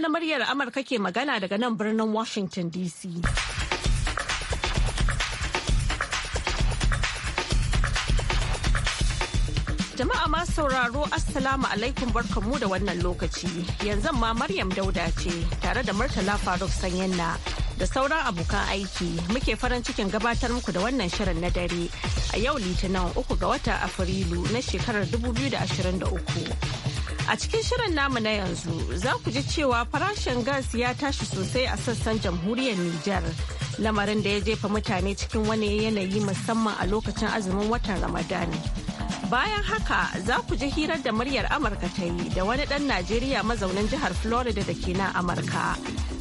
na muryar Amurka ke magana daga nan birnin Washington DC. Jama'a ma sauraro Assalamu alaikum barkanmu da wannan lokaci. Yanzu ma Maryam Dauda ce tare da Murtala Faruk na da sauran abokan aiki muke farin cikin gabatar muku da wannan shirin na dare a yau Litinin uku ga watan Afrilu na shekarar 2023. A cikin shirin namu na yanzu za ku ji cewa farashin gas ya tashi sosai a sassan jamhuriyar Nijar. Lamarin da ya jefa mutane cikin wani yanayi musamman a lokacin azumin watan Ramadan. Bayan haka za ku ji hirar da muryar Amurka ta yi da wani ɗan Najeriya mazaunin jihar Florida da ke nan Amurka.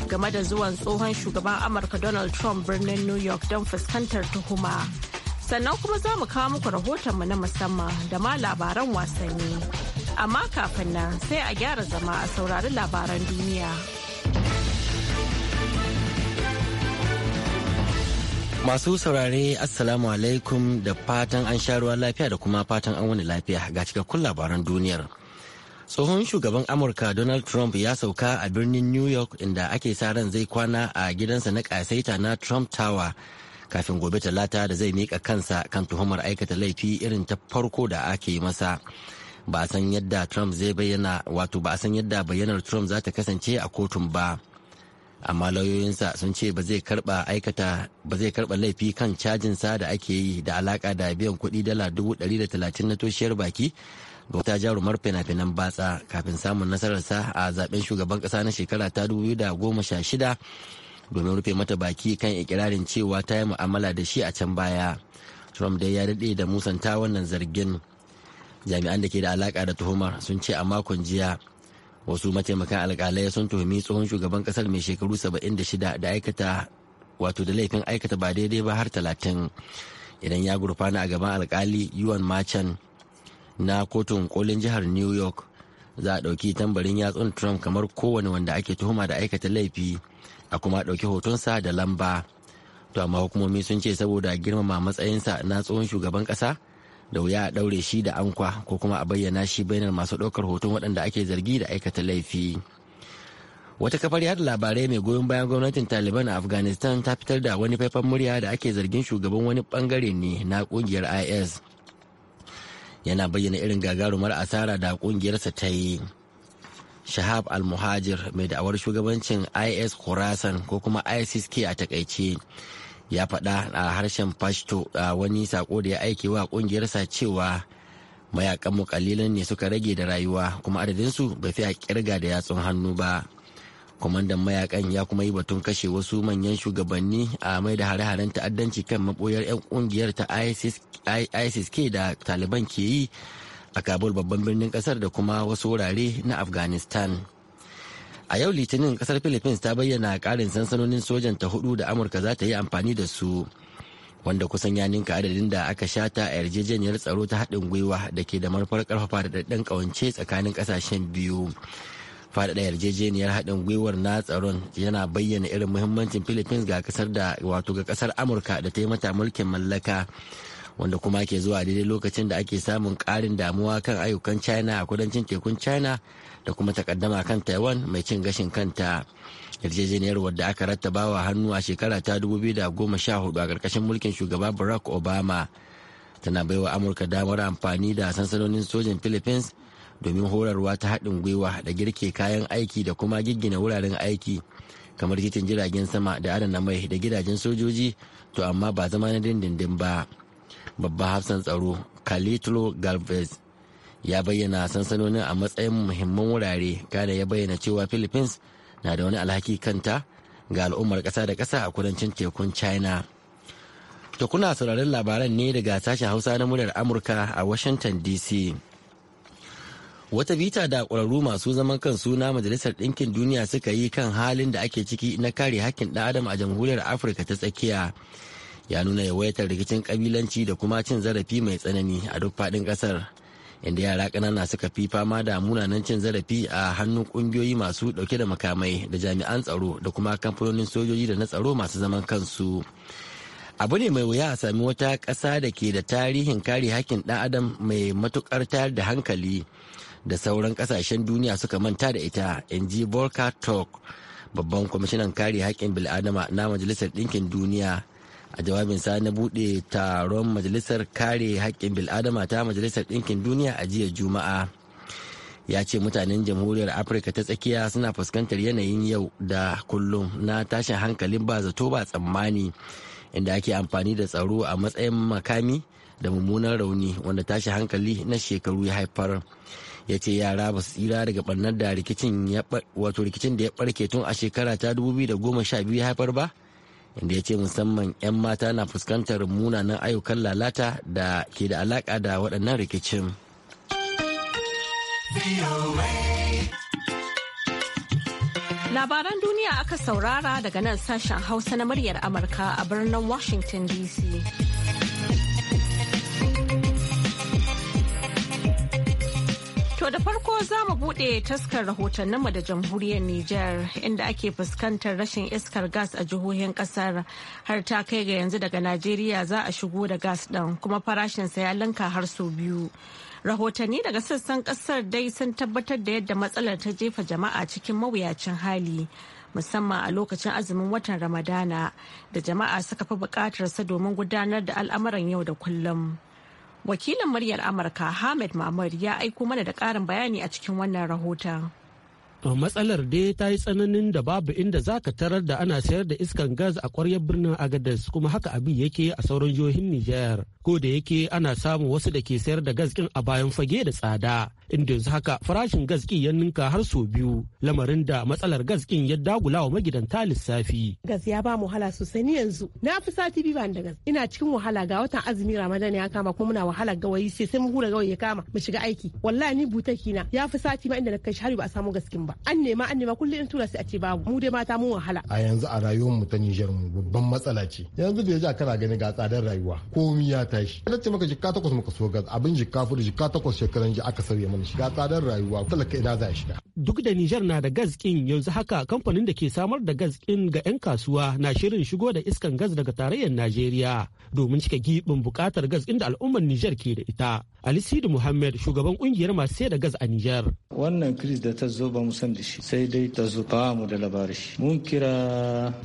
Game da zuwan tsohon shugaban Amurka Donald Trump birnin New York don fuskantar tuhuma. Sannan kuma za mu kawo muku rahotonmu na musamman da ma labaran wasanni. amma kafin nan sai a gyara zama a saurari labaran duniya. Masu saurare Assalamu alaikum da fatan an sha ruwa lafiya da kuma fatan an wani lafiya ga cikakkun labaran duniyar. Tsohon shugaban Amurka Donald Trump ya sauka a birnin New York inda ake sa ran zai kwana a gidansa na kasaita na Trump Tower kafin gobe talata da zai miƙa kansa kan tuhumar aikata laifi irin ta farko da ake yi masa. ba a san yadda trump zai bayyana wato ba a san yadda bayyanar trump za ta kasance a kotun ba amma lauyoyinsa sun ce ba zai karba aikata ba zai karba laifi kan cajin sa da ake yi da alaka da biyan kuɗi dala dubu ɗari da talatin na toshiyar baki ga wata jarumar fina-finan batsa kafin samun nasarar sa a zaben shugaban ƙasa na shekara ta dubu da goma sha shida domin rufe mata baki kan ikirarin cewa ta yi mu'amala da shi a can baya trump dai ya daɗe da musanta wannan zargin jami'an da ke da alaka da tuhumar sun ce a makon jiya wasu mataimakan alkalai sun tuhumi tsohon shugaban kasar mai shekaru 76 da aikata wato da laifin aikata ba daidai ba har 30 idan ya gurfana a gaban alkali yuan machan na kotun kolin jihar new york za a ɗauki tambarin yatsun trump kamar kowane wanda ake tuhuma da aikata laifi a kuma ɗauki hotonsa da lamba to amma hukumomi sun ce saboda girmama matsayinsa na tsohon shugaban ƙasa da wuya a ɗaure shi da ankwa ko kuma a bayyana shi bainar masu ɗaukar hoton waɗanda ake zargi da aikata laifi wata kafar yada labarai mai goyon bayan gwamnatin taliban a afghanistan ta fitar da wani faifan murya da ake zargin shugaban wani bangare ne na kungiyar is yana bayyana irin gagarumar asara da kungiyarsa ta yi shahab al-muhajir mai da'awar shugabancin is khorasan ko kuma isis a takaice ya faɗa a harshen pashto a wani sako da ya aike wa ƙungiyarsa cewa mayakan mu kalilan ne suka rage da rayuwa kuma adadinsu bai fi a kirga da yatsun hannu ba kwamandan mayakan ya kuma yi batun kashe wasu manyan shugabanni a mai da hare-haren ta'addanci kan maboyar 'yan kungiyar ta isis k da taliban ke yi a kabul babban birnin kasar da kuma wasu wurare na afghanistan a yau litinin kasar philippines ta bayyana karin sansanonin sojan ta hudu da amurka za ta yi amfani da su wanda kusan ya ninka adadin da aka shata a yarjejeniyar tsaro ta haɗin gwiwa da ke da manufar karfafa da ɗaɗɗen ƙawance tsakanin ƙasashen biyu faɗaɗa yarjejeniyar haɗin gwiwar na tsaron yana bayyana irin muhimmancin philippines ga kasar da wato ga kasar amurka da ta yi mata mulkin mallaka wanda kuma ke zuwa daidai lokacin da ake samun karin damuwa kan ayyukan china a kudancin tekun china da kuma takaddama kan taiwan mai cin gashin kanta yarjejeniyar wadda aka rattaba wa hannu a shekara ta 2014 a karkashin mulkin shugaba barack obama tana baiwa amurka damar amfani da sansanonin sojin philippines domin horarwa ta haɗin gwiwa da girke kayan aiki da kuma giggina wuraren aiki kamar titin jiragen sama da adana mai da gidajen sojoji to amma ba zama na dindindin ba babban hafsan tsaro Kalitlo Galvez ya bayyana sansanonin a matsayin muhimman wurare kada ya bayyana cewa Philippines na da wani alhaki kanta ga al'ummar ƙasa da ƙasa a kudancin tekun China. To kuna sauraron labaran ne daga sashen Hausa na muryar Amurka a Washington DC. Wata bita da ƙwararru masu zaman kansu na Majalisar Ɗinkin Duniya suka yi kan halin da ake ciki na kare hakkin ɗan adam a Jamhuriyar Afirka ta tsakiya ya nuna yawaitar rikicin kabilanci da kuma cin zarafi mai tsanani a duk faɗin ƙasar inda yara kanana suka fi fama da munanan cin zarafi a hannun ƙungiyoyi masu ɗauke da makamai da jami'an tsaro da kuma kamfanonin sojoji da na tsaro masu zaman kansu abu ne mai wuya a sami wata ƙasa da ke da tarihin kare hakkin ɗan adam mai matuƙar tayar da hankali da sauran ƙasashen duniya suka manta da ita in ji volker turk babban kwamishinan kare hakkin bil'adama na majalisar ɗinkin duniya a jawabinsa na Bude, taron majalisar kare haƙƙin bil'adama ta majalisar ɗinkin duniya a jiya juma'a ya ce mutanen jamhuriyar afirka ta tsakiya suna fuskantar yanayin yau da kullum na tashin hankalin ba zato ba tsammani inda ake amfani da tsaro a matsayin makami da mummunan rauni wanda tashin hankali na shekaru ya haifar ya ce yara ba su tsira daga barnar da rikicin da ya barke tun a shekara ta 2012 ya haifar ba inda ya ce musamman 'yan mata na fuskantar munanan ayyukan lalata da ke da alaka da waɗannan rikicin. Labaran duniya aka saurara daga nan sashen Hausa na muryar Amurka a birnin Washington DC. To da farko za mu buɗe taskar rahotanninmu da jamhuriyar Nijar inda ake fuskantar rashin iskar gas a jihohin ƙasar har ta kai ga yanzu daga Najeriya za a shigo da gas ɗin kuma farashinsa ya linka har sau biyu. Rahotanni daga sassan ƙasar dai sun tabbatar da yadda matsalar ta jefa jama'a cikin mawuyacin hali. musamman a lokacin azumin watan ramadana da jama'a suka fi buƙatarsa domin gudanar da al'amuran yau da kullum. wakilin muryar amurka hamid mamar ya aiko mana da ƙarin bayani a cikin wannan rahoton matsalar dai ta yi tsananin da babu inda za ka tarar da ana sayar da iskan gas a kwaryar birnin agadas kuma haka abin yake a sauran jihohin nijar ko da yake ana samun wasu da ke sayar da gas kin a bayan fage da tsada inda yanzu haka farashin gas kin ya ninka har sau biyu lamarin da matsalar gas ya dagula wa magidanta lissafi gas ya ba wahala sosai ni yanzu na fi sati biyu ban da gas ina cikin wahala ga watan azumi ramadan ya kama kuma muna wahala gawayi sai sai mu hura gawayi ya kama mu shiga aiki wallahi ni butaki na ya fi sati ma inda na kai har ba a samu gaskin ba ba an nema an nema kullum in tura sai a ce babu mu dai mata mun wahala a yanzu a rayuwar mu ta Nijar mu babban matsala ce yanzu da ya kana gani ga tsadar rayuwa komai ya tashi na ce maka jikka takwas muka so gas abin jikka fudu jikka takwas shekaran ji aka sauya mana shiga tsadar rayuwa talaka ina za a shiga duk da Nijar na da gas kin yanzu haka kamfanin da ke samar da gas kin ga 'yan kasuwa na shirin shigo da iskan gas daga tarayyar Najeriya domin cika gibin buƙatar gas inda al'ummar Nijar ke da ita. Ali Sidi Muhammad shugaban kungiyar masu sayar da gas a Nijar. Wannan kris da ta zo ba mu san da shi sai dai ta zuka mu da labarin shi mun kira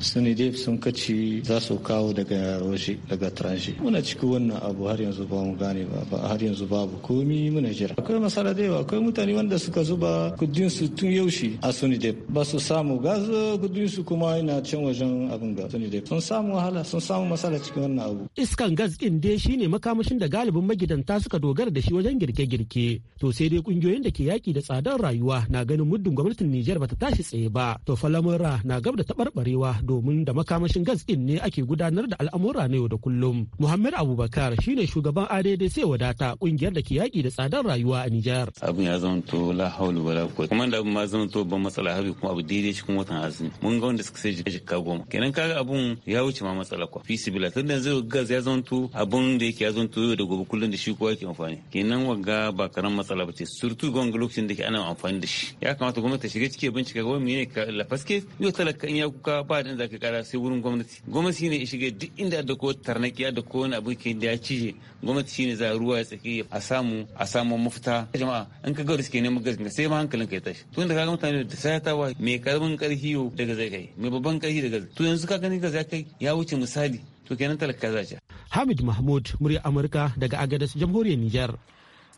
suni dai sun kaci za su kawo daga waje daga tranche muna ciki wannan abu har yanzu ba mu gane ba har yanzu babu komi muna jira akwai masala da yawa akwai mutane wanda suka zuba kudin su tun yaushe a suni dai ba su samu gazo kudin su kuma yana can wajen abin ga suni dai sun samu wahala sun samu masala cikin wannan abu iskan gas din dai shine makamashin da galibin magidanta suka dogara da shi wajen girke-girke to sai dai kungiyoyin da ke yaki da tsadar rayuwa na ganin muddin gwamnatin Nijar bata tashi tsaye ba to fa lamura na gab da taɓarɓarewa domin da makamashin gas ɗin ne ake gudanar da al'amura na yau da kullum. Muhammad Abubakar shine shugaban ADD sai wadata kungiyar da ke yaƙi da tsadar rayuwa a Nijar. Abin ya to la haulu wala quwwata kuma da abin ma to ban matsala hafi kuma abu daidai cikin watan azumi. Mun ga wanda suka sai jikka goma. Kenan kaga abun ya wuce ma matsala kwa. Fi sibila tun da zai gas ya to abun da yake ya zanto yau da gobe kullum da shi kowa yake amfani. Kenan wagga ba karan matsala ba ce surtu gwangwa da ke ana amfani da shi. Ya kamata nema ta shiga ciki bincika ga wani ne ka lafaske yau talaka in ya kuka ba da za kara sai wurin gwamnati gwamnati shine ya shiga duk inda da ko tarnaki da ko wani abu ke da ya cije gwamnati shine za ruwa ya tsaki a samu a samu mafita jama'a in ka ga suke neman gaskiya sai ma hankalin ka ya tashi tun da kaga mutane da sai ta wa mai karamin karfi daga zai kai mai babban karfi daga zai to yanzu ka gani ka zai kai ya wuce misali to kenan talaka za Hamid Mahmud murya Amurka daga Agadez jamhuriyar Nijar.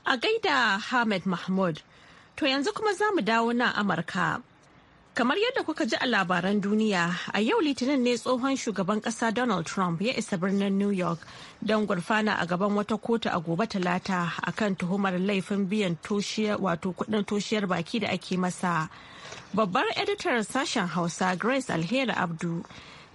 A gaida Hamid Mahmud To yanzu kuma za mu dawo na Amurka. Kamar yadda kuka ji a labaran duniya, a yau Litinin ne tsohon shugaban kasa Donald Trump ya isa birnin New York don gurfana a gaban wata kotu a gobe talata akan tuhumar laifin biyan wato kudin toshiyar baki da ake masa. Babbar editar sashen Hausa Grace Alheri Abdu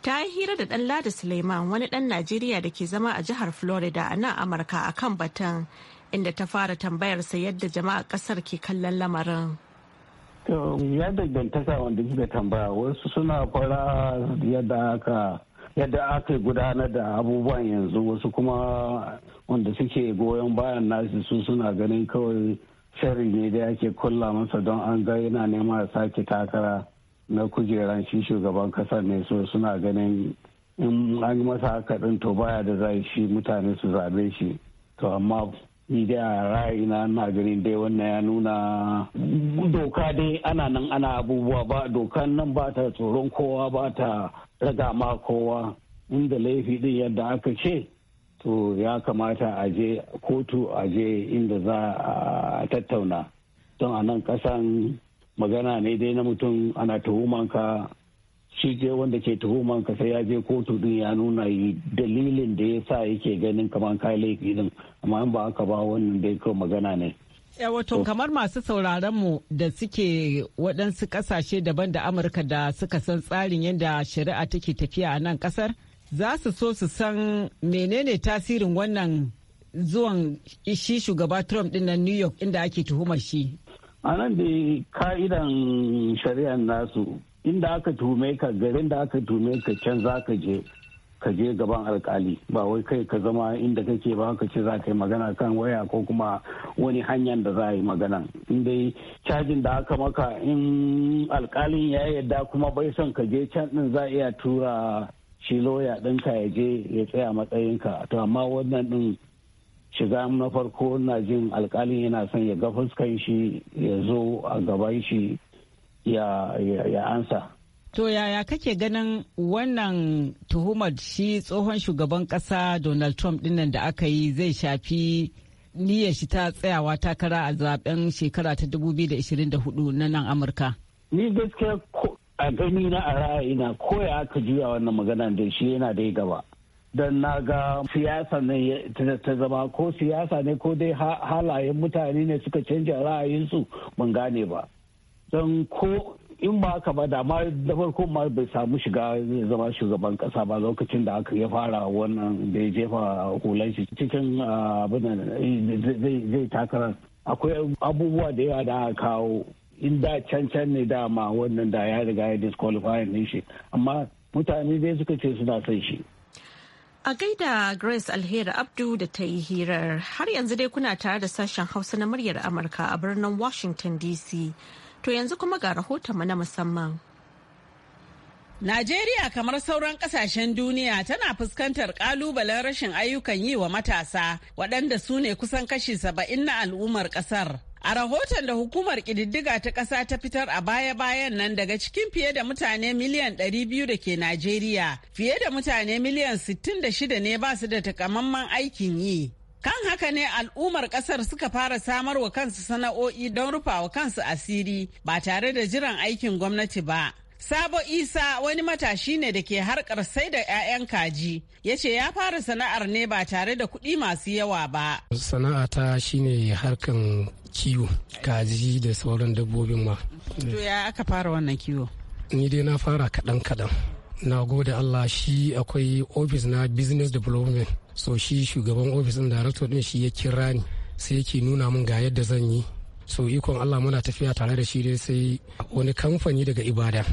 ta yi hira da Dan Ladi Suleiman wani dan Najeriya da ke zama a jihar Florida a nan Amurka akan batun. inda ta fara tambayar sa yadda jama'a kasar ke kallon lamarin. ya dangantaka wanda kika tambaya wasu suna fara yadda aka yadda aka gudanar da abubuwan yanzu wasu kuma wanda suke goyon bayan nasu su suna ganin kawai sharri ne da ake kulla masa don an ga yana nema sake takara na kujeran shi shugaban kasar ne so suna ganin in an yi masa haka din to baya da zai shi mutane su zabe shi to amma ni da ra'ayina na ganin dai wannan ya nuna doka dai ana nan ana abubuwa ba dokan nan ba ta tsoron kowa ba ta raga ma kowa inda laifi din yadda aka ce to ya kamata a je kotu a je inda za a tattauna don a nan kasan magana ne dai na mutum ana ka. shi je wanda ke tuhuman ka sai ya je kotu din ya nuna dalilin da ya sa yake ganin kamar kai laifi din amma in ba haka ba wannan dai kawai magana ne eh, wato kamar masu sauraron mu da suke waɗansu ƙasashe daban da amurka da suka san tsarin yadda shari'a take tafiya a nan ƙasar za su so su san menene tasirin wannan zuwan shi shugaba trump din nan new york inda ake tuhumar shi a nan da ka'idan shari'a nasu inda aka tume ka garin da aka tume ka can za ka je ka je gaban alkali ba wai kai ka zama inda kake ba ka ce za ka yi magana kan waya ko kuma wani hanyar da za a yi magana inda cajin da aka maka in alkalin ya yadda kuma bai son ka je can din za a iya tura shi loya ɗinka ya je ya tsaya matsayinka to amma wannan din shiga na farko na jin alkalin yana son ya ga fuskan shi ya zo a gaban shi ya, ya, ya ansa. To yaya kake ganin wannan tuhumar shi tsohon shugaban kasa Donald Trump dinnan da aka yi zai shafi niyyar shi ta tsayawa takara a zaben shekara ta 2024 na nan Amurka? Ni gaskiya a gani na a ra'ayina ko ya aka juya wannan magana da shi yana dai gaba. Don na ga siyasa ne ta zama ko siyasa ne ko dai halayen mutane ne suka canja ra'ayinsu ban gane ba. don ko in ba haka ba dama da farko ma bai samu shiga zai zama shugaban kasa ba lokacin da aka ya fara wannan da ya jefa hulan shi cikin ah, abin zai takara akwai abubuwa da yawa da aka kawo in da can can ne dama wannan da ya riga ya disqualify ne shi amma mutane dai suka ce suna son shi A gaida Grace Alheri Abdu da ta yi hirar har yanzu dai kuna tare da sashen Hausa na muryar Amurka a birnin Washington DC. To yanzu kuma ga rahotonmu na musamman. Najeriya kamar sauran kasashen duniya tana fuskantar kalubalen rashin ayyukan yi wa matasa waɗanda su ne kusan kashi saba'in na al'ummar ƙasar. A rahoton da hukumar ƙididdiga ta ƙasa ta fitar a baya-bayan nan daga cikin fiye da mutane miliyan 200 da ke Najeriya, fiye da mutane miliyan 66 ne ba su da takamaiman aikin yi. Kan haka ne al'ummar kasar suka fara samar wa kansu sana'o'i don rufa wa kansu asiri ba tare da jiran aikin gwamnati ba. Sabo Isa wani matashi ne da ke harkar sai da 'ya'yan kaji ya ce ya fara sana'ar ne ba tare da kuɗi masu yawa ba. sana'a ta shine harkan kiwo kaji da sauran dabbobin ma. To ya aka fara wannan kiwo? Ni dai na fara kaɗan-kaɗan. na gode allah shi akwai ofis na business development so shi shugaban ofis ɗin director ɗin shi ya kira ni sai yake nuna min ga yadda zan yi so ikon allah muna tafiya tare da shi dai sai wani kamfani daga ibada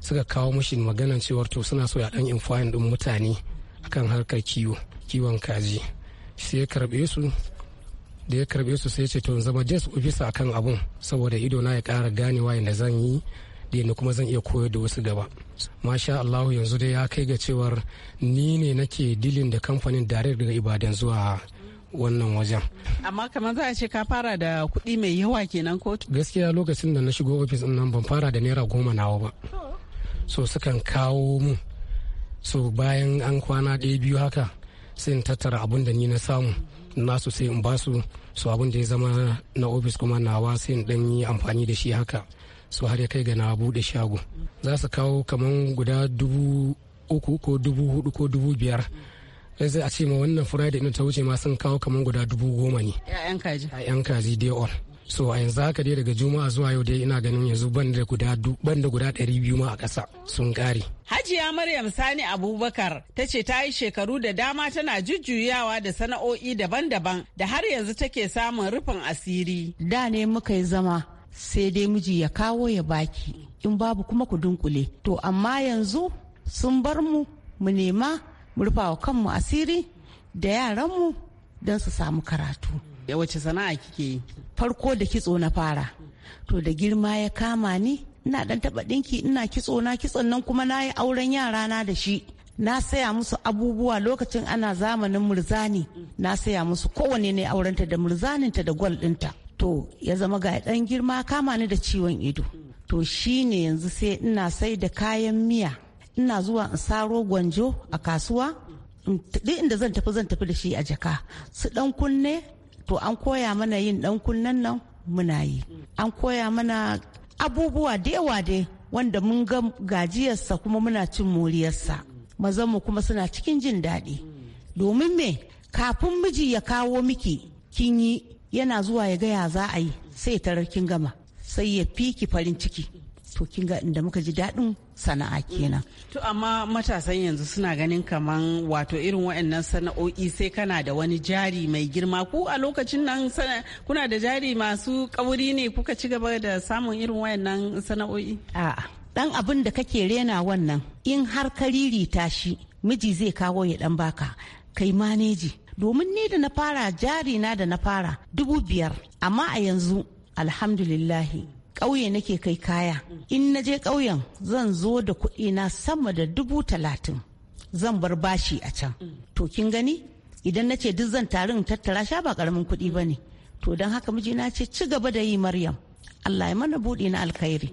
suka kawo mashi maganan cewar to suna so ya dan infayin din mutane akan harkar kiwo kiwon kaji sai ya karbe su da ya karbe su sai ce to zama desk ofisa akan abun saboda ido na ya kara ganewa yadda zan yi da yadda kuma zan iya koyar da wasu gaba masha allahu yanzu dai ya kai ga cewar ni ne nake dilin da kamfanin direct daga ibadan zuwa wannan wajen. Amma kamar za a ce ka fara da kuɗi mai yawa kenan ko? Gaskiya lokacin da na shigo ofis ɗin nan ban fara da naira goma nawa ba. So sukan kawo mu. So bayan an kwana ɗaya biyu haka sai in tattara abun da ni na samu. Nasu sai in basu su abun da ya zama na ofis kuma nawa sai in ɗan yi amfani da shi haka. su har ya kai ga na buɗe shago za su kawo kamar guda dubu uku ko dubu hudu ko dubu biyar sai a ce ma wannan friday din ta wuce ma sun kawo kamar guda dubu goma ne a kaji kaji dai all so a yanzu haka dai daga juma'a zuwa yau dai ina ganin yanzu ban da guda ban guda ɗari biyu ma a ƙasa sun ƙare. Hajiya Maryam Sani Abubakar ta ce ta yi shekaru da dama tana jujjuyawa da sana'o'i daban-daban da har yanzu take samun rufin asiri. Da ne muka yi zama sai dai miji ya kawo ya baki in babu kuma ku dunkule to amma yanzu sun bar mu mu nema mu rufa wa kanmu asiri da yaranmu don su samu karatu ya wace sana'a kike yi farko da kitso na fara to da girma ya kama ni ina dan taba dinki ina kitso na kitson nan kuma na yi auren yara na da shi na saya musu abubuwa lokacin ana zamanin murzani na saya musu kowane ne aurenta da murzaninta da gwal dinta to ya zama ga dan girma kama ni da ciwon ido to shi ne yanzu sai ina sai da kayan miya ina zuwa in saro gwanjo a kasuwa duk inda zan tafi zan tafi da shi a jaka su dan kunne to an koya mana yin dan kunnen nan muna yi an koya mana abubuwa da yawa dai wanda mun ga gajiyarsa kuma muna cin moriyarsa mazanmu kuma suna cikin jin daɗi domin me kafin miji ya kawo miki kin yi yana zuwa ya gaya za a yi sai ya tarar gama sai ya fiki farin ciki to kin ga inda muka ji daɗin sana'a kenan. To amma matasan yanzu suna ganin kaman wato irin waɗannan sana'o'i sai kana da wani jari mai girma ku a lokacin nan kuna da jari masu kauri ne kuka ci gaba da samun irin waɗannan sana'o'i? A'a dan abin da kake rena wannan in har kariri tashi miji zai kawo ya dan baka kai maneji domin ni da na fara jari na da na fara dubu biyar amma a yanzu alhamdulillahi ƙauye nake kai kaya in na je ƙauyen zan zo da kuɗi na sama da dubu talatin zan bar bashi a can to kin gani idan na ce duk zan tarin tattara sha ba ƙaramin kuɗi ba ne to don haka mijina ce ci gaba da yi maryam allah ya mana buɗe na alkhairi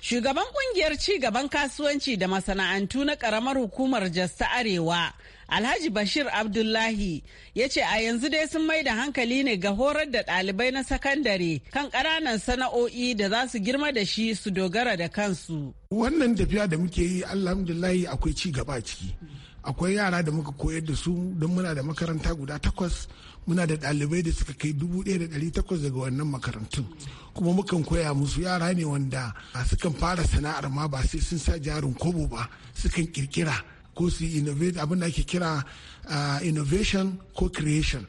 shugaban kungiyar ci gaban kasuwanci da masana'antu na ƙaramar hukumar jasta arewa Alhaji Bashir Abdullahi ya ce a yanzu dai sun mai da hankali ne ga horar da ɗalibai na sakandare kan ƙananan sana'o'i da za su girma da shi su dogara da kansu. Wannan tafiya da muke yi alhamdulahi akwai ci gaba ciki. Akwai yara da muka koyar da su don muna da makaranta guda takwas muna da ɗalibai da suka kai dubu ɗaya da ɗari takwas daga wannan makarantun. Kuma mukan koya musu yara ne wanda sukan fara sana'ar ma ba sai sun sa jarin kobo ba sukan kirkira. ko su innovate abin da ake kira uh, innovation ko creation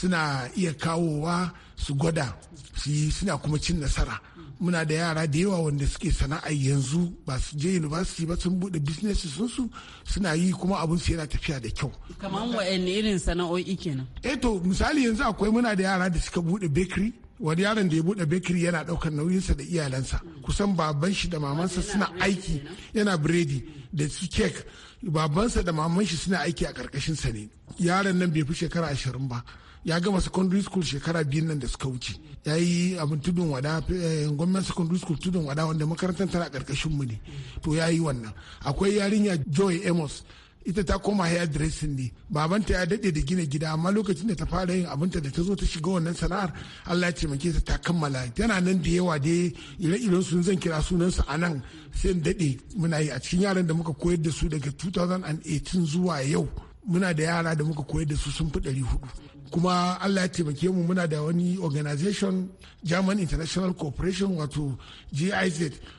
suna iya kawowa su gwada su suna kuma cin nasara muna da yara da yawa wanda suke sana'a yanzu ba su je university ba sun bude business sun su suna yi kuma abun su yana tafiya da kyau kamar wa'anne irin sana'o'i kenan eh to misali yanzu akwai muna da yara da suka bude bakery wani yaron da ya bude bakery yana daukar nauyinsa da iyalansa kusan baban shi da mamansa suna aiki yana biredi da su kek babansa da maman shi suna aiki a karkashin sa ne yaron nan bai fi shekara ashirin ba ya gama secondary school shekara biyun nan da suka wuce ya yi abin tudun wada eh, gwamnan secondary school tudun wada wanda makarantar tana karkashin mu ne to ya yi wannan akwai yarinya joy amos ita ta koma haya dressing ne babanta ya daɗe da gina gida amma lokacin da ta fara yin abinta da ta zo ta shiga wannan sana'ar Allah ya taimake ta ta kammala tana nan da yawa dai ire-iren su zan kira sunan su a nan sai daɗe muna yi a cikin yaran da muka koyar da su daga 2018 zuwa yau muna da yara da muka koyar da su sun fi ɗari hudu kuma allah ya taimake mu muna da wani organization german international corporation wato giz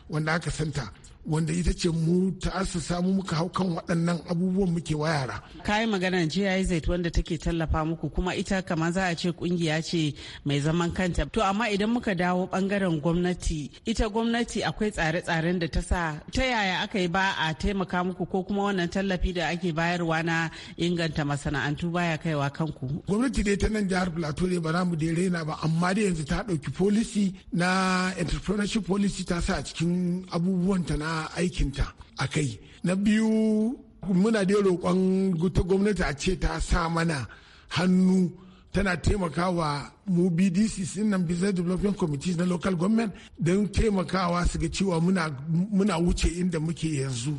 wanda aka santa wanda ita ce mu ta'assasa samu muka hau kan waɗannan abubuwan muke wa yara. Kayi magana GIZ wanda take tallafa muku kuma ita kamar za a ce kungiya ce mai zaman kanta. To amma idan muka dawo bangaren gwamnati, ita gwamnati akwai tsare-tsaren da ta sa ta yaya aka yi ba a taimaka muku ko kuma wannan tallafi da ake bayarwa na inganta masana'antu baya kaiwa kanku. Gwamnati dai ta nan jihar Plateau ne ba za mu dai raina ba amma dai yanzu ta ɗauki policy na entrepreneurship policy ta sa cikin abubuwan ta na aikinta a kai na biyu muna da roƙon ta gwamnati a ce ta sa mana hannu tana taimakawa mu bdc sinan business development committees na local government don taimakawa su ga cewa muna wuce inda muke yanzu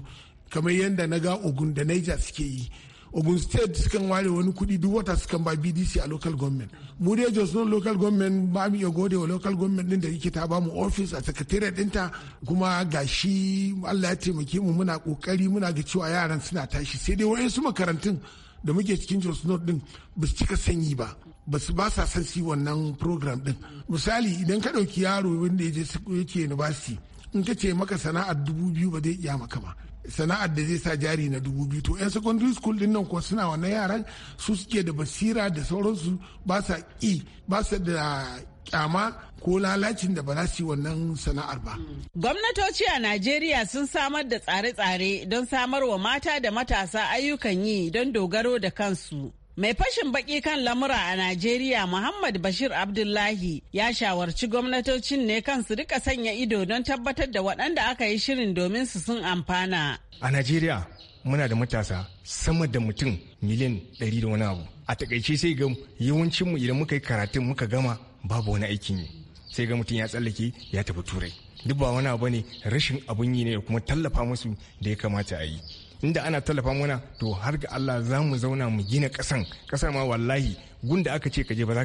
kamar yadda na ga ogun da niger suke yi ogun state sukan ware wani kuɗi duk wata sukan ba bdc a local government mu dai jos non local government ba mu iya gode wa local government din da yake ta ba mu office a secretariat dinta kuma gashi allah ya taimake mu muna kokari muna ga cewa yaran suna tashi sai dai wayansu makarantun da muke cikin jos north din ba su cika sanyi ba ba su ba sa san si wannan program din misali idan ka ɗauki yaro wanda ya je yake university in ka ce maka sana'ar dubu biyu ba zai iya maka ba sana'ar da zai sa jari na dubu biyu to yan secondary school din nan kuwa suna wannan yaran su suke da basira da sauransu ba sa ƙi ba sa da kyama ko lalacin da ba za su yi wannan sana'ar ba. Gwamnatoci a Najeriya sun samar da tsare-tsare don samar wa mata da matasa ayyukan yi don dogaro da kansu. Mai fashin baki kan lamura a Najeriya Muhammad Bashir Abdullahi ya shawarci gwamnatocin ne kan su rika sanya ido don tabbatar da waɗanda aka yi shirin domin su sun amfana. A Najeriya muna da matasa sama da mutum miliyan ɗari da wani abu. A takaice sai ga yawancinmu idan muka yi karatun muka gama babu wani aikin yi. Sai ga mutum ya tsallake ya tafi turai. Duk ba wani abu ne rashin abun yi ne kuma tallafa musu da ya kamata a yi. inda ana tallafa mana to har ga Allah za mu zauna mu gina ƙasan ƙasar ma wallahi gunda aka ce ka je ba za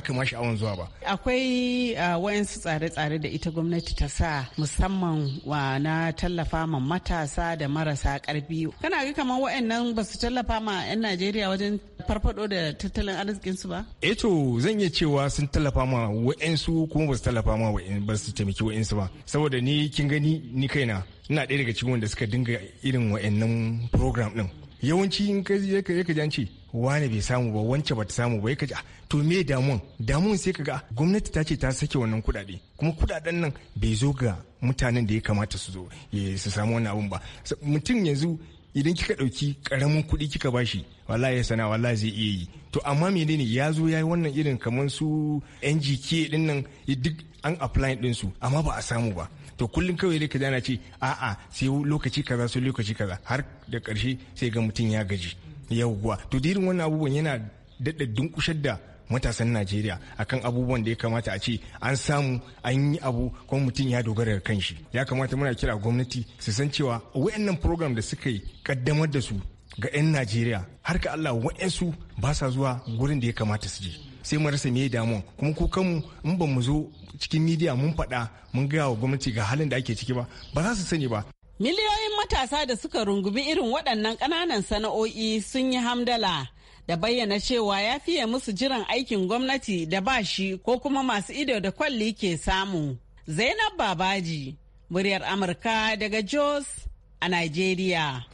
ka ma sha'awan zuwa ba. Akwai uh, wayansu tsare-tsare da ita gwamnati ta sa musamman wa na tallafa ma matasa da marasa karfi. Kana ga kamar wayannan ba su tallafa ma 'yan Najeriya wajen farfado da tattalin arzikinsu ba? Eh to zan iya cewa sun tallafa ma wayansu kuma ba su tallafa ma ba su taimaki wayansu ba. Saboda ni kin gani ni kaina ina ɗaya daga cikin wanda suka dinga irin wayannan program din. Yawanci in ka je ka ji an ce wani bai samu ba wance bata samu ba kaji ah, to me damuwan damuwan sai kaga ah, gwamnati ta ce ta sake wannan kudade kuma kudaden nan bai zo ga mutanen da ya kamata su zo su samu wannan abun ba mutum yanzu idan kika dauki karamin kuɗi kika bashi wallahi ya sana wallahi zai iya yi to amma menene ya zo ya yi wannan irin kamar su ngk din nan duk an apply din su amma ba a samu ba to kullum kawai dai ka dana ce a'a sai lokaci kaza sai lokaci kaza har da karshe sai ga mutum ya gaji yawwa to dirin wannan abubuwan yana daɗa dunkushar da matasan najeriya akan abubuwan da ya kamata a ce an samu an yi abu kuma mutum ya dogara da kanshi ya kamata muna kira gwamnati su san cewa wayannan program da suka yi kaddamar da su ga 'yan najeriya har ka allah wayansu ba sa zuwa gurin da ya kamata su je sai mu rasa me damuwa kuma ko kanmu in ba mu zo cikin midiya mun faɗa mun gaya wa gwamnati ga halin da ake ciki ba ba za su sani ba Miliyoyin matasa da suka rungumi irin waɗannan ƙananan sana'o'i sun yi hamdala da bayyana cewa ya fiye musu jiran aikin gwamnati da ba shi ko kuma masu ido da kwalli ke samu. Zainab Babaji, muryar Amurka daga Jos a Najeriya.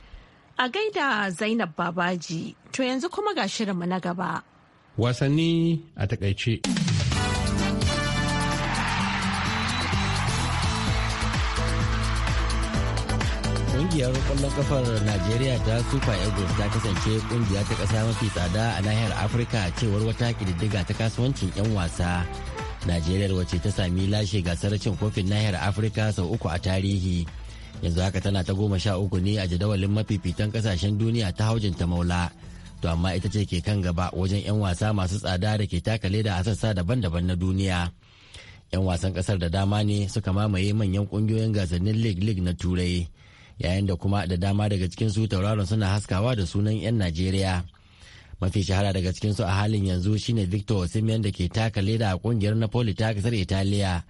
A gaida Zainab Babaji, to yanzu kuma ga shirinmu na gaba. Wasanni a takaice. kungiyar kwallon kafar Najeriya ta Super Eagles ta kasance ƙungiya ta kasa mafi tsada a nahiyar Afirka cewar wata kididdiga ta kasuwancin 'yan wasa. Najeriya wacce ta sami lashe gasar cin kofin nahiyar Afirka sau uku a tarihi. Yanzu haka tana ta goma sha uku ne a jadawalin mafifitan kasashen duniya ta haujin ta maula. To amma ita ce ke kan gaba wajen 'yan wasa masu tsada da ke taka leda a sassa daban-daban na duniya. 'Yan wasan kasar da dama ne suka mamaye manyan kungiyoyin gasannin league league na Turai. yayin da kuma da dama daga cikin su tauraron suna haskawa da sunan 'yan najeriya mafi shahara daga cikin su a halin yanzu shine victor osimhen da ke taka leda a kungiyar napoli ta kasar italiya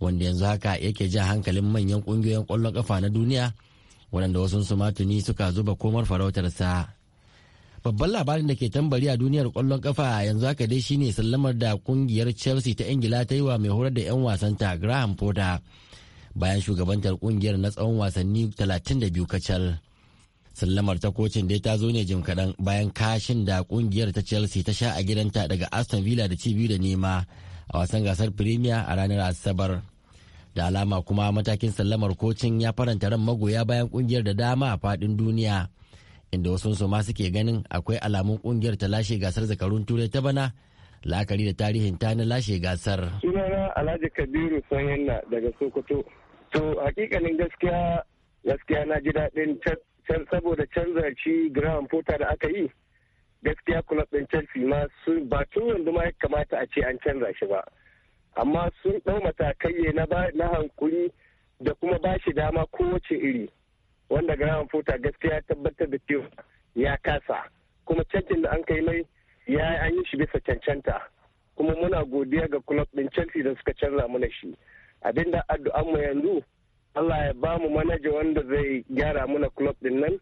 wanda yanzu haka yake jan hankalin manyan kungiyoyin kwallon kafa na duniya waɗanda wasu su tuni suka zuba komar farautar sa. babban labarin da ke tambari a duniyar kwallon kafa yanzu haka dai shine sallamar da kungiyar chelsea ta ingila ta yi wa mai horar da 'yan wasanta graham potter bayan shugabantar kungiyar na tsawon wasanni 32 kacal. Sallamar ta kocin dai ta zo ne jim kaɗan bayan kashin da kungiyar ta Chelsea ta sha a gidanta daga Aston Villa da ci biyu da nema a wasan gasar Premier a ranar Asabar. Da alama kuma matakin sallamar kocin ya faranta ran magoya bayan kungiyar da dama a fadin duniya. Inda wasu su ma suke ganin akwai alamun kungiyar ta lashe gasar zakarun turai ta bana la'akari da tarihin ta na lashe gasar. Sunana Alhaji Kabiru Sanyanna daga Sokoto. To hakikanin gaskiya gaskiya na ji daɗin can saboda canza shi Graham Potter da aka yi gaskiya club ɗin Chelsea ma sun ba tun yanzu ma ya kamata a ce an canza shi ba. Amma sun ɗau matakai na hankuri da kuma ba shi dama kowace iri wanda Graham Potter gaskiya tabbatar da cewa ya kasa kuma cancin da an kai mai ya an yi shi bisa cancanta kuma muna godiya ga club ɗin Chelsea da suka canza mana shi. abinda addu'an mu yanzu Allah ya ba mu manaja wanda zai gyara mana club din nan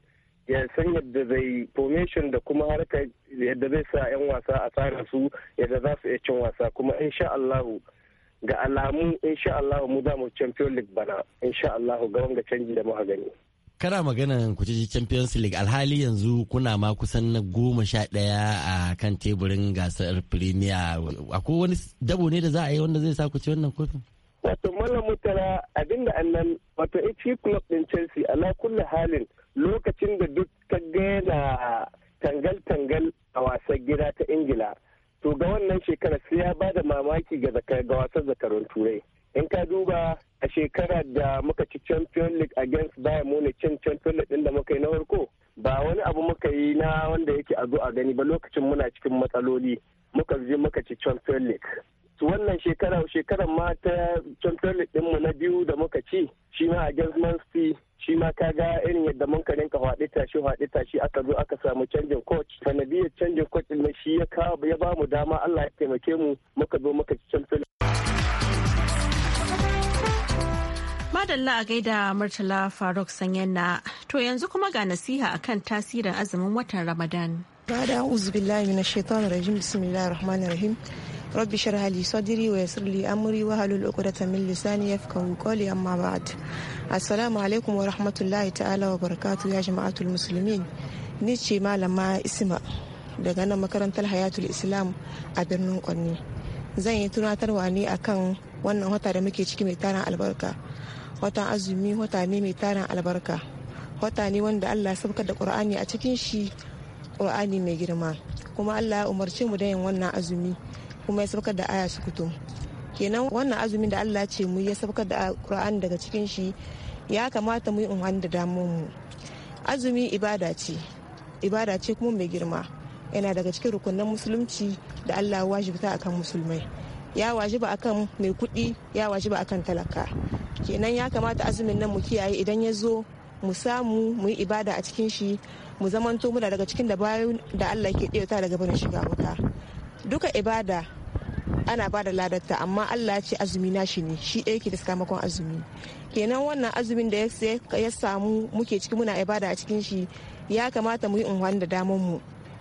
ya san yadda zai formation da kuma harka yadda zai sa 'yan wasa a tsara su yadda za su iya cin wasa kuma insha Allah ga alamu insha Allah mu za mu champion league bana insha Allah ga wanga canji da muka gani kana maganan ku ci champions league alhali yanzu kuna ma kusan na goma sha daya a kan teburin gasar premier akwai wani dabo ne da za a yi wanda zai sa ku ci wannan kofin wato mallam mutara abinda annan wato ita club din chelsea ala kulli halin lokacin da duk ta gaina tangal-tangal a wasan gida ta ingila to ga wannan shekarar sai ya ba da mamaki ga wasan zakarun turai in ka duba a shekarar da muka ci champion league against bayern munich cin champion league din da muka yi na farko ba wani abu muka yi na wanda yake a zo a gani ba lokacin muna cikin matsaloli muka je muka ci champion league wannan shekara shekarar ma ta champion dinmu na biyu da muka ci shi ma against man city shi ma ka ga irin yadda mun karin ka faɗi tashi faɗi tashi aka zo aka samu canjin coach sanadiyar canjin coach din shi ya kawo ya ba mu dama Allah ya taimake mu muka zo muka ci champion Madalla a gaida Murtala Faruk Sanyanna to yanzu kuma ga nasiha akan tasirin azumin watan Ramadan. Bada uzu billahi na shaitan rajim bismillahir rahmanir rahim rabbi shrah li sadri wa yassir li amri wa halul uqdatan min lisani yafqahu qawli amma ba'd assalamu alaikum wa rahmatullahi ta'ala wa barakatuh ya jama'atul muslimin ni ce malama isma daga nan makarantar hayatul islam a birnin kwanni zan yi tunatarwa ne akan wannan wata da muke ciki mai tarin albarka watan azumi wata ne mai tarin albarka wata ne wanda allah sabkar da qur'ani a cikin shi qur'ani mai girma kuma allah ya umarce mu da yin wannan azumi kuma ya saukar da aya sukutum kenan wannan azumin da Allah ce mu ya saukar da Qur'ani daga cikin shi ya kamata mu yi unhani da damuwar mu azumi ibada ce ibada ce kuma mai girma yana daga cikin rukunan musulunci da Allah ya wajibta akan musulmai ya wajiba akan mai kuɗi ya wajiba akan talaka kenan ya kamata azumin nan mu kiyaye idan ya zo mu samu mu yi ibada a cikin shi mu zamanto muna daga cikin da bayan da Allah ke ɗewata daga barin shiga wuta duka ibada ana bada ladarta amma Allah ce azumi na shi ne shi ɗaya ke da sakamakon azumi kenan wannan azumin da ya samu muke ciki muna ibada a cikin shi ya kamata mu yi unhwani da damar mu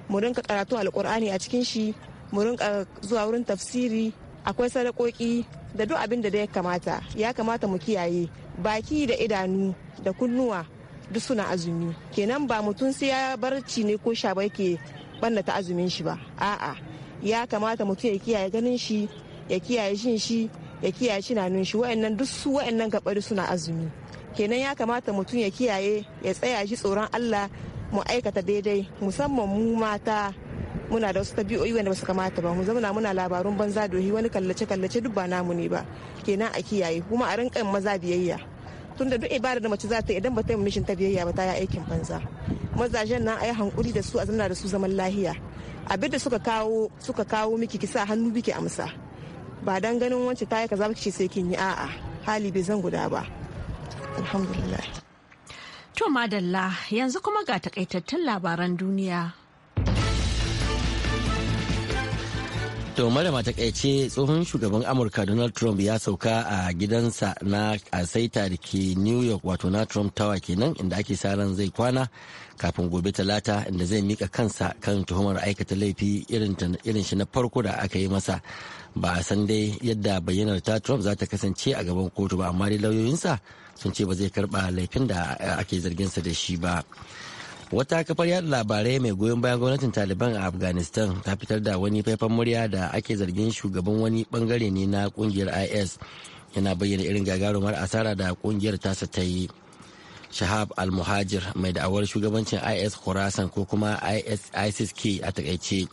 mu rinka karatu alkur'ani a cikin shi mu rinka zuwa wurin tafsiri akwai sadakoki da duk abin da ya kamata ya kamata mu kiyaye baki da idanu da kunnuwa duk suna azumi kenan ba mutum sai ya barci ne ko sha ke ta azumin shi ba a'a ya kamata mutum ya kiyaye ganin shi ya kiyaye jin shi ya kiyaye tunanin shi wa'annan duk su wa'annan gabar suna azumi kenan ya kamata mutum ya kiyaye ya tsaya shi tsoron allah mu aikata daidai musamman mu mata muna da wasu tabi'o'i wanda ba su kamata ba mu zauna muna labarun banza dohi wani kallace kallace duk ba namu ne ba kenan a kiyaye kuma a rinka maza biyayya tunda duk ibada da mace za ta idan ba ta yi mishin ta biyayya ba ta yi aikin banza mazajen nan a yi hankuri da su a zauna da su zaman lahiya abin da suka kawo suka kawo miki kisa hannu biki amsa ba dan ganin wance ta yi kaza ba sai kin yi a'a hali bai zan guda ba alhamdulillah to madalla yanzu kuma ga takaitattun labaran duniya To madama takaice tsohon shugaban Amurka Donald Trump ya sauka a gidansa na asaita da ke New York wato na Trump Tower kenan inda ake sa ran zai kwana kafin gobe talata inda zai mika kansa kan tuhumar aikata laifi irin shi na farko da aka yi masa. Ba a san dai yadda bayyanar ta Trump za ta kasance a gaban kotu ba amma dai lauyoyinsa sun ce ba zai karba laifin da ake zarginsa da shi ba. wata kafar yada labarai mai goyon bayan gwamnatin taliban a afghanistan ta fitar da wani faifan murya da ake zargin shugaban wani bangare ne na kungiyar is yana bayyana irin gagarumar asara da kungiyar tasa ta yi shahab al-muhajir mai da'awar shugabancin is khorasan ko kuma isis-k a takaice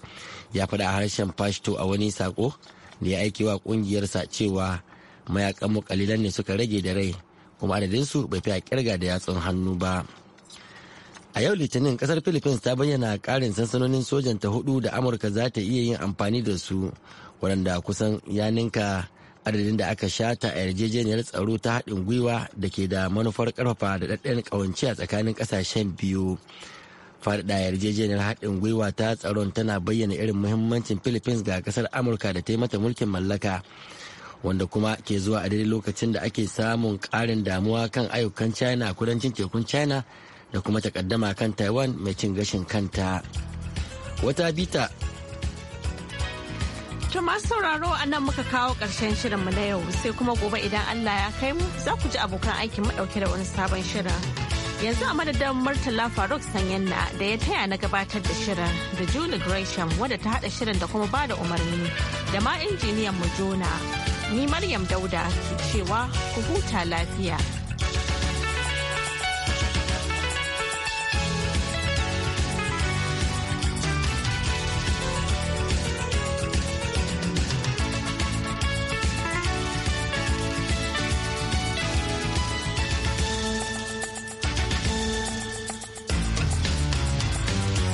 ya fada a harshen pashto a wani sako da ya aiki wa kungiyarsa cewa mayakan mu kalilan ne suka rage da rai kuma adadinsu bai fi a kirga da yatsun hannu ba. a yau litinin kasar philippines ta bayyana karin sansanonin sojan ta hudu da amurka za ta iya yin amfani da su waɗanda kusan ya ninka adadin da aka shata a yarjejeniyar tsaro ta haɗin gwiwa da ke da manufar karfafa da ɗaɗɗayan ƙawance a tsakanin ƙasashen biyu faɗaɗa yarjejeniyar haɗin gwiwa ta tsaron tana bayyana irin muhimmancin philippines ga ƙasar amurka da ta yi mata mulkin mallaka wanda kuma ke zuwa a daidai lokacin da ake samun ƙarin damuwa kan ayyukan china kudancin tekun china da kuma takaddama kan taiwan mai cin gashin kanta wata bita To masu sauraro a nan muka kawo ƙarshen mu na yau sai kuma gobe idan Allah ya kai mu za ku ji abokan aikin mu da wani sabon shirin. Yanzu a madadin Murtala Faruk na da ya taya na gabatar da shirin da Julie Gresham wadda ta haɗa shirin da kuma ba da umarni da ma injiniyan mu Jona. Ni Maryam Dauda ke cewa ku huta lafiya.